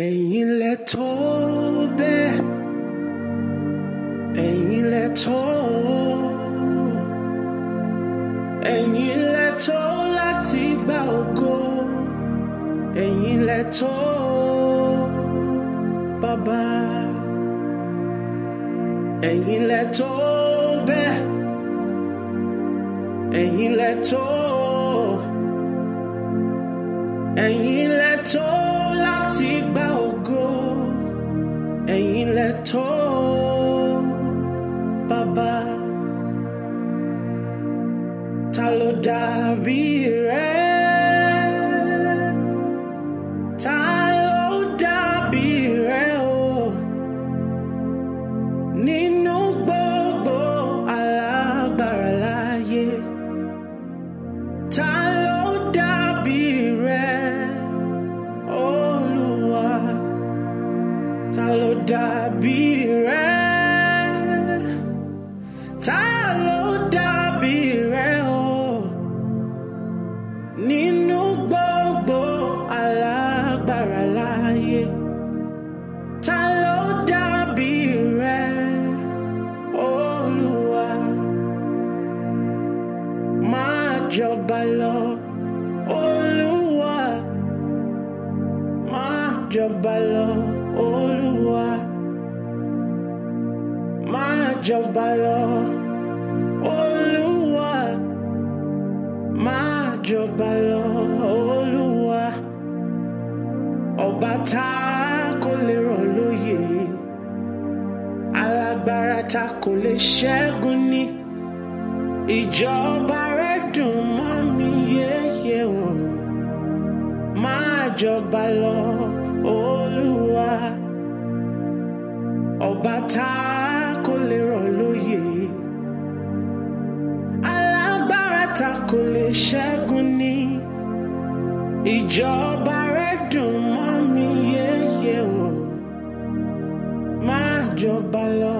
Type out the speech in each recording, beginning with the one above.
ẹ̀yin lẹ tó bẹ́ẹ̀ ẹ̀yin lẹ tó ẹ̀yin lẹ tó láti gba ògo ẹ̀yin lẹ tó bàbá ẹ̀yin lẹ tó bẹ́ẹ̀ ẹ̀yin lẹ tó ẹ̀yin. ain't let baba taloda bi re would I be ran? Ta ló dàbí rẹ̀ o nínú gbogbo alágbára láyé. jọba lọ Olúwa, máa jọba lọ. Oluwa, máa jọba lọ Oluwa, máa jọba lọ Olúwa ọba tá a kò lè rọ̀ lóyè alágbára tá kò lè ṣẹ́gun ni ìjọba rẹ̀ dùn mọ́ mi yéye o máa jọba lọ. bàtà kò lè rọ̀ lóye alágbára ta kò lè ṣẹ́gun ní ìjọba rẹ dùn mọ́ mi yéye o máa jọba lọ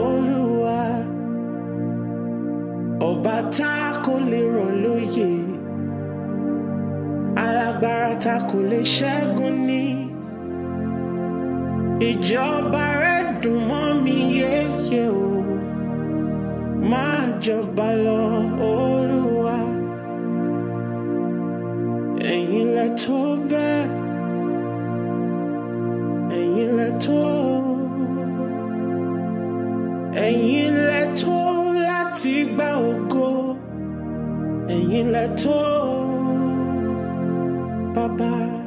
olúwa ọba tá kò lè rọ̀ lóye alágbára ta kò lè ṣẹ́gun ní ìjọba rẹ. Don't yeah, yeah. My job, o máa jọba lọ olúwa ẹ̀yin lẹ tó bẹ́ẹ̀ ẹ̀yin lẹ tó you let tó láti And you let lẹ tó bye.